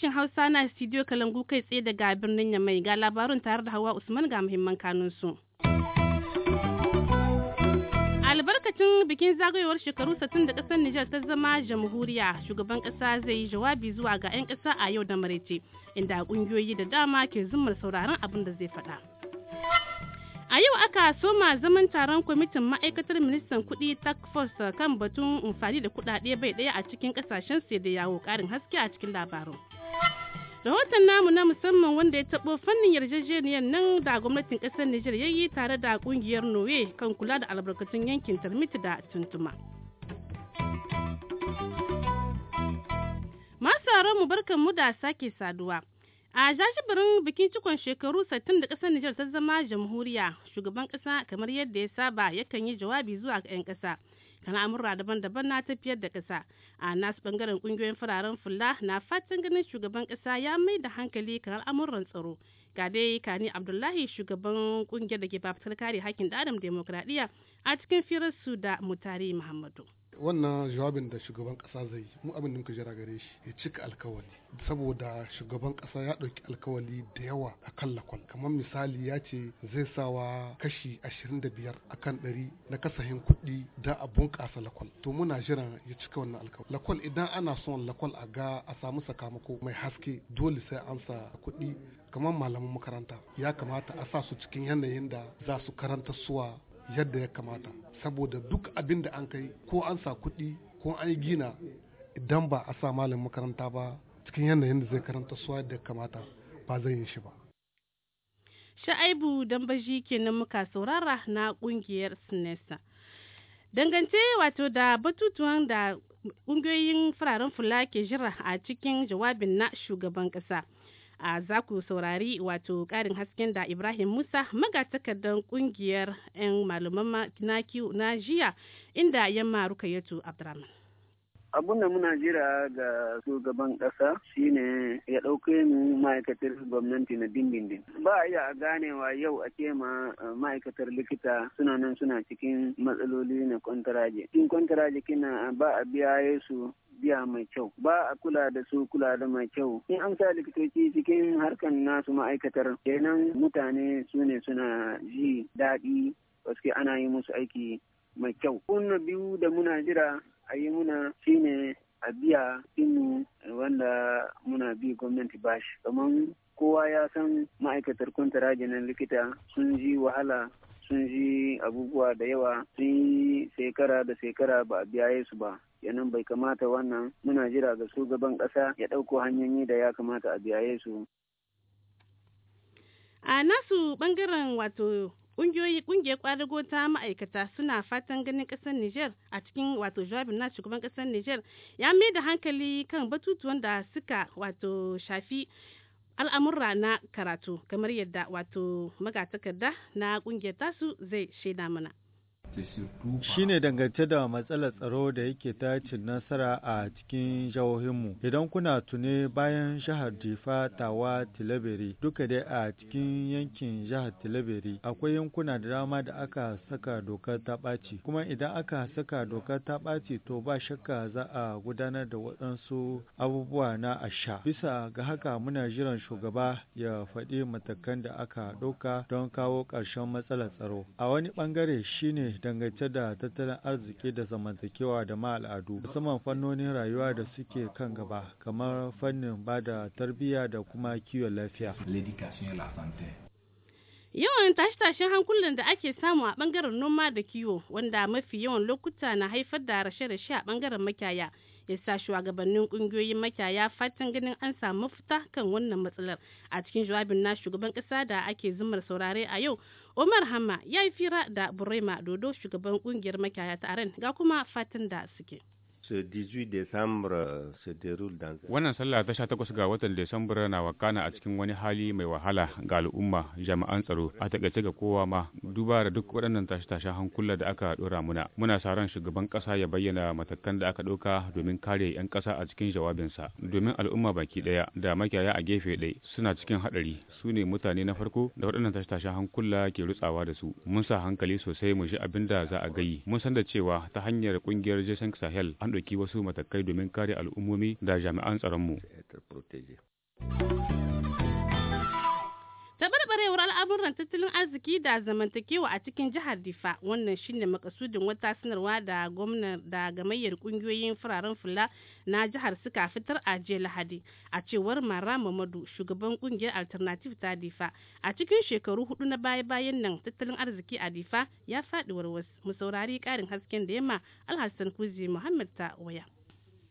sashen Hausa na studio Kalangu kai tsaye daga birnin Yamai ga labarun tare da Hawa Usman ga muhimman kanunsu. Albarkacin bikin zagayowar shekaru 60 da kasar Nijar ta zama jamhuriya, shugaban kasa zai yi jawabi zuwa ga 'yan kasa a yau da maraice, inda ƙungiyoyi da dama ke zumar sauraron abin da zai faɗa. A yau aka soma zaman taron kwamitin ma'aikatar ministan kudi force kan batun amfani da kuɗaɗe bai ɗaya a cikin kasashen sai da yawo karin haske a cikin labarin. rahoton namu na musamman wanda ya tabo fannin yarjejeniyar nan da gwamnatin kasar Nijar ya yi tare da kungiyar Nowe kan kula da albarkatun yankin Tarmiti da Tuntuma. Masu mu barkan mu da sake saduwa. A jajibirin bikin cikon shekaru 60 da kasar Nijar ta zama jamhuriya, shugaban kasa kamar yadda ya saba yakan yi jawabi zuwa 'yan kasa. al'amura daban-daban na tafiyar da ƙasa a nasu bangaren ƙungiyoyin fararen fulla na fatan ganin shugaban ƙasa ya mai da hankali kan al'amuran tsaro ga dai kani abdullahi shugaban ƙungiyar da ke fafutar kare hakkin da adam demokradiyya a cikin firarsu da mutare muhammadu wannan jawabin da shugaban kasa zai yi mu abin da muka jira gare shi ya cika alkawali saboda shugaban kasa ya ɗauki alkawali da yawa a kan lakwal kamar misali ya ce zai sawa kashi 25 akan 100 na kasahin kuɗi da a bunƙasa lakwal to muna jiran ya cika wannan alkawali lakwal idan ana son lakwal a ga a samu sakamako mai haske dole sai amsa sa kuɗi kamar malaman makaranta ya kamata a sa su cikin yanayin da za su karanta suwa yadda ya kamata saboda duk abin da an kai ko an sa kuɗi ko an yi gina idan ba a sa malamin makaranta ba cikin yanayin da zai karanta suwa ya kamata ba zai yi shi ba sha'aibu dambaji kenan muka saurara na kungiyar sinesa dangance wato da batutuwan da ƙungiyoyin fararen fula ke jira a cikin jawabin na shugaban ƙasa a za ku saurari wato ƙarin hasken da ibrahim musa magatakardar ƙungiyar 'yan malaman na jiya inda yamma rukayatu abdurrahman abun da muna jira ga shugaban ƙasa shine ya ɗauke mu ma'aikatar gwamnati na dindindin ba a iya ganewa yau a ce ma eh, ma'aikatar likita suna nan suna cikin matsaloli na kwantaraje in kwantaraje kina ba a biya su biya mai kyau ba a kula da su kula da mai kyau in an sa likitoci cikin harkan nasu ma'aikatar kenan mutane su ne suna ji daɗi wasu ana yi musu aiki mai kyau. Kunna biyu da muna jira Ayi, muna shine a biya inu wanda muna bi gwamnati bashi kamar kowa ya san ma'aikatar kwantara likita sun ji wahala sun ji abubuwa da yawa sun yi shekara da shekara ba a biya su ba yanan bai kamata wannan muna jira ga shugaban ƙasa ya ɗauko hanyoyi da ya kamata a biya su a nasu ɓangaren wato Ƙungiyar kwadago ta ma'aikata suna fatan ganin ƙasar Nijar a cikin wato jawabin na shugaban ƙasar Nijar ya mai da hankali kan batutuwan da suka wato shafi al'amurra na karatu kamar yadda wato magatakarda na ƙungiyar tasu zai shaida mana. shine dangance da matsalar tsaro da yake ta cin nasara a cikin jihohinmu idan kuna tune bayan jihar jifa tawa tilabere duka dai a cikin yankin jihar tilabere akwai yankuna da dama da aka saka dokar ta ɓaci kuma idan aka saka dokar ta ɓaci to ba shakka za a gudanar da waɗansu abubuwa na asha bisa ga haka muna jiran shugaba ya faɗi matakan da aka ɗauka don kawo ƙarshen matsalar tsaro a wani ɓangare shine dangance da tattalin arziki da zamantakewa da ma al'adu musamman fannonin rayuwa da suke kan gaba kamar fannin ba da tarbiyya da kuma kiwon lafiya. Yawan tashe-tashen hankulan da ake samu a bangaren noma da kiwo wanda mafi yawan lokuta na haifar da rashe-rashe a bangaren makiyaya ya sa shugabannin kungiyoyin makiyaya fatan ganin an samu mafita kan wannan matsalar a cikin jawabin na shugaban kasa da ake zumar saurare a yau Omar Hamma ya yi fira da Burema Dodo shugaban kungiyar makiyaya ta Aren ga kuma fatan da suke. Euh, Wannan sallah ta takwas ga watan Desambra na wakana a cikin wani hali mai wahala ga al'umma jami'an tsaro a takaice ga kowa ma duba da duk waɗannan tashe-tashen hankula da aka ɗora muna. Muna sa ran shugaban ƙasa ya bayyana matakan da aka ɗauka domin kare 'yan ƙasa a cikin jawabinsa. Domin al'umma baki ɗaya da makiyaya a gefe ɗaya suna cikin haɗari su ne mutane na farko da waɗannan tashe-tashen hankula ke rutsawa da su. Mun sa hankali sosai mu shi abin da za a gayi. Mun san da cewa ta hanyar ƙungiyar Jason Sahel an ɗauki wasu matakai domin kare al'ummomi da jami'an tsaronmu. lamuran tattalin arziki da zamantakewa a cikin jihar Difa wannan shine makasudin wata sanarwa da gwamnar da gamayyar kungiyoyin fararen fula na jihar suka fitar a jiya Lahadi a cewar Mara Mamadu shugaban kungiyar Alternative ta Difa a cikin shekaru hudu na baya-bayan nan tattalin arziki a Difa ya fadi warwas mu saurari karin hasken da yamma Alhassan Kuzi Muhammad ta waya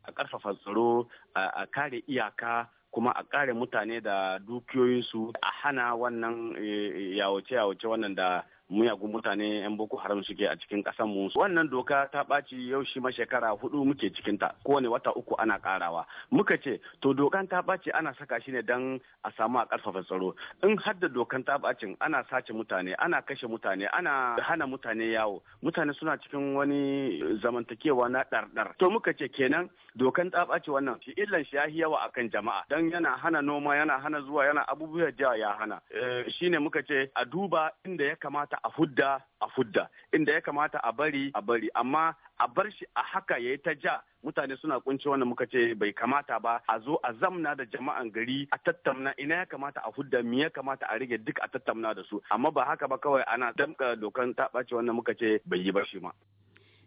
a ƙarfafa tsaro a kare iyaka kuma a kare mutane da dukiyoyinsu a hana wannan eh, yawace-yawace wannan da muyagun mutane yan boko haram suke a cikin kasan mu wannan doka ta ɓaci yau shi ma shekara hudu muke cikin ta kowane wata uku ana karawa muka ce to dokan ta ɓaci ana saka shi ne dan a samu a ƙarfafa tsaro in har da dokan ta ɓacin ana sace mutane ana kashe mutane ana hana mutane yawo mutane suna cikin wani zamantakewa na ɗarɗar to muka ce kenan dokan ta ɓaci wannan shi illan shi ya yahi yawa akan jama'a dan yana hana noma yana hana zuwa yana abubuwa da ya hana eh, shine muka ce a duba inda ya kamata a hudda a hudda inda ya kamata a bari a bari amma a bar shi a haka ya yi ta ja mutane suna kunci wanda muka ce bai kamata ba a zo a zamna da jama'an gari a tattamna ina ya kamata a hudda me ya kamata a rage duk a tattamna da su amma ba haka ba kawai ana damka dokan ta ɓace wanda muka ce bai yi ba shi ma.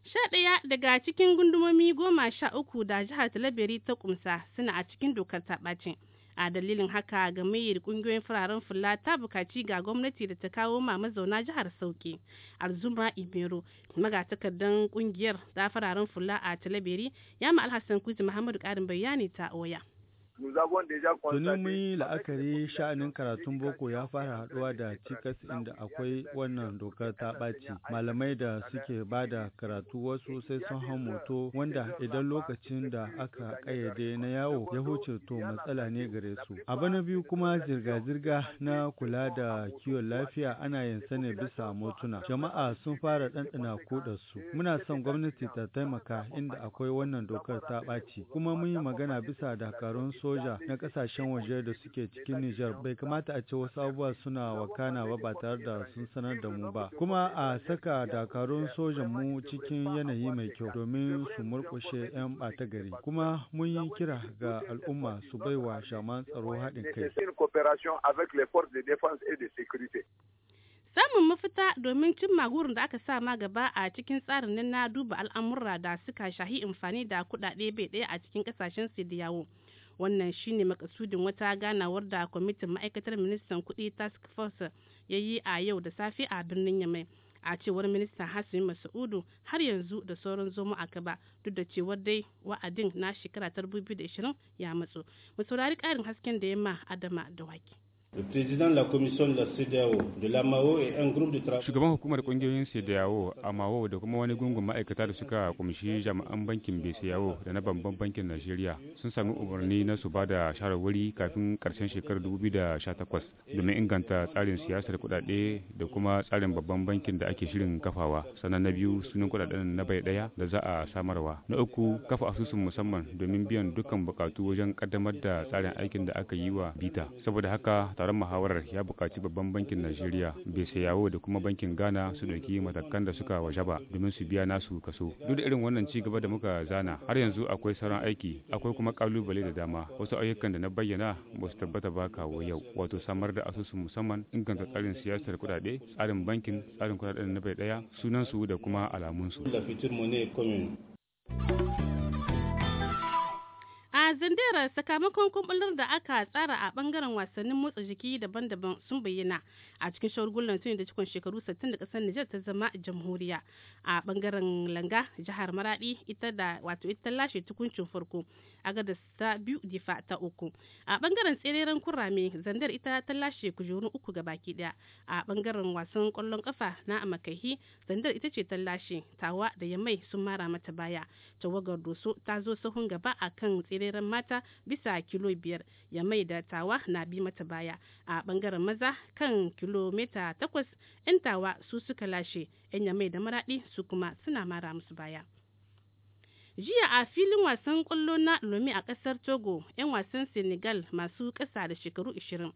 Sha ɗaya daga cikin gundumomi goma sha uku da jihar Talabiri ta kumsa suna a cikin dokar ta ɓace. a dalilin haka gamayyar kungiyoyin fararen fula ta bukaci ga gwamnati da ta kawo ma mazauna jihar sauki arzuma ibero magatakardan kungiyar ta fararen fula a talabiri ya ma alhassan kuti muhammadu karin bayani ta oya Tuni mun yi la'akari sha'anin karatun boko ya fara haɗuwa da cikas inda akwai wannan dokar ta ɓaci. Malamai da suke ba da karatu wasu sai sun hau moto wanda idan lokacin da aka ƙayyade na yawo ya huce to matsala ne gare su. Abu na biyu kuma zirga-zirga na kula da kiwon lafiya ana yin ne bisa motuna. Jama'a sun fara ɗanɗana da su. Muna son gwamnati ta taimaka inda akwai wannan dokar ta ɓaci. Kuma mun yi magana bisa dakarun soja na kasashen waje da suke cikin Nijar bai kamata a ce wasu abubuwa suna wakana ba ba tare da sun sanar da mu ba. Kuma a saka dakarun sojan mu cikin yanayi mai kyau domin su murkushe 'yan ɓata gari. Kuma mun yi kira ga al'umma su baiwa shaman tsaro haɗin kai. Samun mafita domin cin gurin da aka sa ma gaba a cikin tsarin nan na duba al'amurra da suka shahi amfani da kuɗaɗe bai ɗaya a cikin kasashen su da yawo. wannan shine makasudin wata ganawar da kwamitin ma'aikatar ministan kuɗi task force ya yi a yau da safe a birnin yamai a cewar ministan hasimi masaudu har yanzu da sauran zomo a gaba duk da cewar dai wa'adin na shekara ta 2020 ya matso mu saurari karin hasken da ya ma adama da wake Shugaban hukumar kungiyoyin CDAO, AMAO da kuma wani gungun ma'aikata da suka kumshi jami'an bankin BCAO da na babban bankin Najeriya sun sami umarni na su ba da shawarwari kafin karshen shekarar 2018 domin inganta tsarin siyasar kudade da kuma tsarin babban bankin da ake shirin kafawa. Sannan na biyu sunan kudaden na bai daya da za a samarwa. Na uku kafa asusun musamman domin biyan dukkan bukatu wajen kaddamar da tsarin aikin da aka yi wa bita. Saboda haka taron muhawarar ya buƙaci babban bankin najeriya yawo da kuma bankin ghana su dauki matakan da suka waje ba domin su biya nasu kaso duk da irin wannan ci gaba da muka zana har yanzu akwai sauran aiki akwai kuma kalubale da dama wasu ayyukan da na bayyana ba su tabbata ba kawo yau wato samar da asusun musamman inganta tsarin siyasar kuɗaɗe tsarin bankin tsarin kuɗaɗen na bai ɗaya sunansu da kuma alamunsu. Zandera sakamakon kumbular da aka tsara a bangaren wasannin motsa jiki daban-daban sun bayyana a cikin shagulgulan tuni da cikon shekaru 60 da kasar Nijar ta zama jamhuriya a bangaren langa jihar Maradi ita da wato ita lashe tukuncin farko a gada ta biyu difa ta uku a bangaren tsereren kurame Zandar ita ta lashe kujerun uku baki daya a bangaren wasan kwallon kafa na Amakahi Zandar ita ce ta lashe Tawa da Yamai sun mara mata baya tawagar Doso ta zo sahun gaba akan tsereren mata bisa kilo biyar ya mai da tawa na bi mata baya a bangaren maza kan kilomita takwas yan tawa su suka lashe yan ya mai da maradi su kuma suna mara musu baya jiya a filin wasan kwallo na lomi a kasar togo yan wasan senegal masu kasa da shekaru ishirin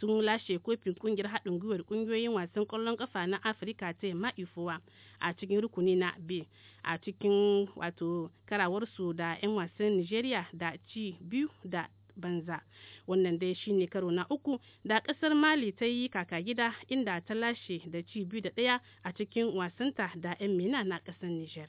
sun lashe kofin kungiyar haɗin gwiwar kungiyoyin wasan ƙwallon ƙafa na afirka ta yamma ifowa a cikin rukuni na b a cikin wato karawarsu da 'yan wasan nigeria da ci biyu da banza wannan dai shine karo na uku da kasar mali ta yi kaka gida inda ta lashe da ci biyu da ɗaya a cikin wasanta da 'yan mina na ƙasar niger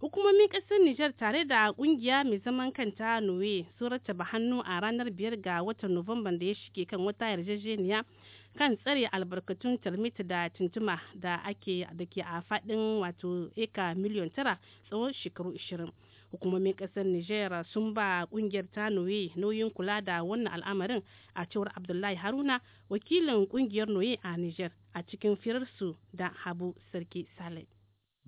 hukumomin kasar Nijar tare da kungiya mai zaman kanta Nuwe sun rattaba hannu a ranar biyar ga watan Nuwamban da ya shige kan wata yarjejeniya kan tsare albarkatun talmita da tuntuma da ake da ke a fadin wato eka miliyon tara tsawon shekaru ishirin hukumomin kasar nijar sun ba kungiyar ta Nuwe nauyin kula da wannan al'amarin a cewar abdullahi haruna wakilin kungiyar noye a nijar a cikin firarsu da habu sarki saleh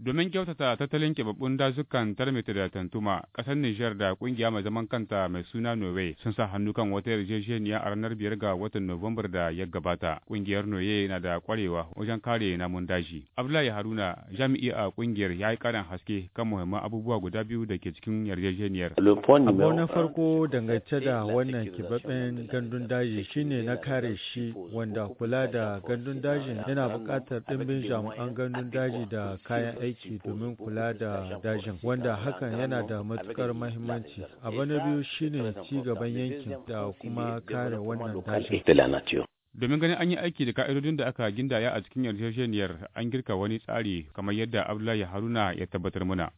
domin kyautata tattalin keɓaɓɓun dazukan tarmita da tantuma ƙasar Nijar da ƙungiya mai zaman kanta mai suna Norway sun sa hannu kan wata yarjejeniya a ranar biyar ga watan Nuwambar da ya gabata. Ƙungiyar Norway na da ƙwarewa wajen kare namun daji. Abdullahi Haruna jami'i a ƙungiyar ya yi ƙarin haske kan muhimman abubuwa guda biyu da ke cikin yarjejeniyar. Abu na farko dangance da wannan keɓaɓɓen gandun daji shine na kare shi wanda kula da gandun dajin yana buƙatar ɗimbin jami'an gandun daji da kayan aiki. aiki domin kula da dajin wanda hakan yana da matukar mahimmanci abu na biyu shine ci gaban yankin da kuma kare wannan dajin Domin ganin an yi aiki da ka'idodin da aka gindaya a cikin yarjejeniyar an girka wani tsari kamar yadda Abdullahi Haruna ya tabbatar muna.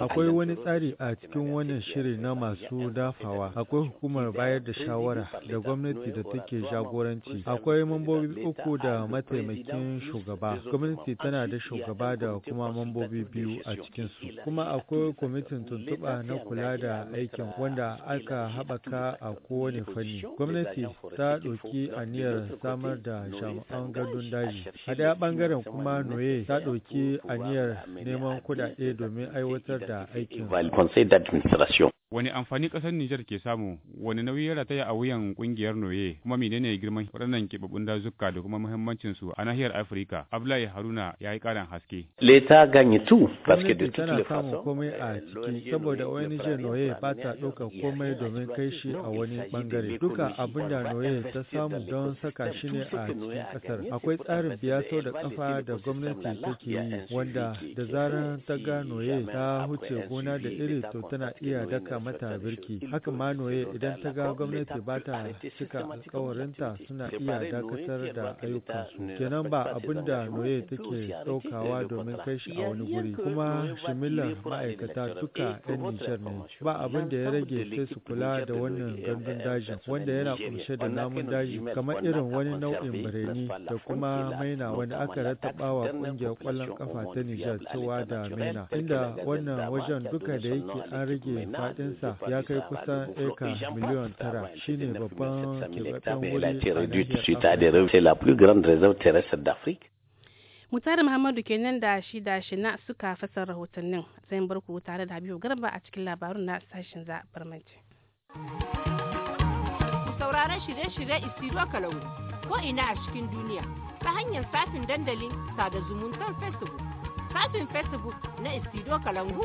Akwai wani tsari a cikin wannan shiri na masu dafawa. Akwai hukumar bayar da shawara da gwamnati da take jagoranci. Akwai mambobi uku da mataimakin shugaba. Gwamnati tana da shugaba da kuma mambobi biyu a su Kuma akwai kwamitin tuntuɓa na kula da aikin wanda aka haɓaka a kowane fanni. Gwamnati ta ɗauki a aniyar samar da jami'an gadon daji. A daya bangaren kuma Noye ta ɗauki aniyar neman kudade domin aiwatar da aikin. Wani amfani ƙasar Nijar ke samu, wani nauyi ya rataya a wuyan ƙungiyar Noye, kuma menene girman waɗannan keɓaɓɓun dazuka da kuma muhimmancin su a nahiyar Afirka? Abdullahi Haruna ya yi ƙarin haske. Leta ganye tu, de tana samun komai a ciki saboda wani Nijar Noye ba ta ɗaukar komai domin kai shi a wani bangare Duka abin da Noye ta samu don saka shi ne a cikin ƙasar. Akwai tsarin biyaso da kafa da gwamnati take yi wanda da zarar ta ga Noye ta huce gona da iri to tana iya daka mata birki haka ma noye idan ta ga gwamnati ba ta cika alkawarinta suna iya dakatar da ayyukansu kenan ba abin da noye take saukawa domin kai shi a wani guri kuma shimillar ma'aikata duka 'yan nijar ne ba abin da ya rage sai su kula da wannan gandun dajin wanda yana kunshe da namun daji kamar irin wani nau'in birni da kuma maina wanda aka rattaba wa kungiyar kwallon kafa ta nijar cewa da maina inda wannan wajen duka da yake an rage faɗin sa ya kai kusan eka miliyon tara shine babban keɓaɓɓen wuri Mutare Muhammadu kenan da shi da shi na suka fasar rahotannin zai bar ku tare da Habibu Garba a cikin labarun na sashen za barmanci. Sauraron shirye-shirye Isiro Kalau ko ina a cikin duniya ta hanyar safin dandalin sada zumuntar Facebook. Safin Facebook na Isiro Kalangu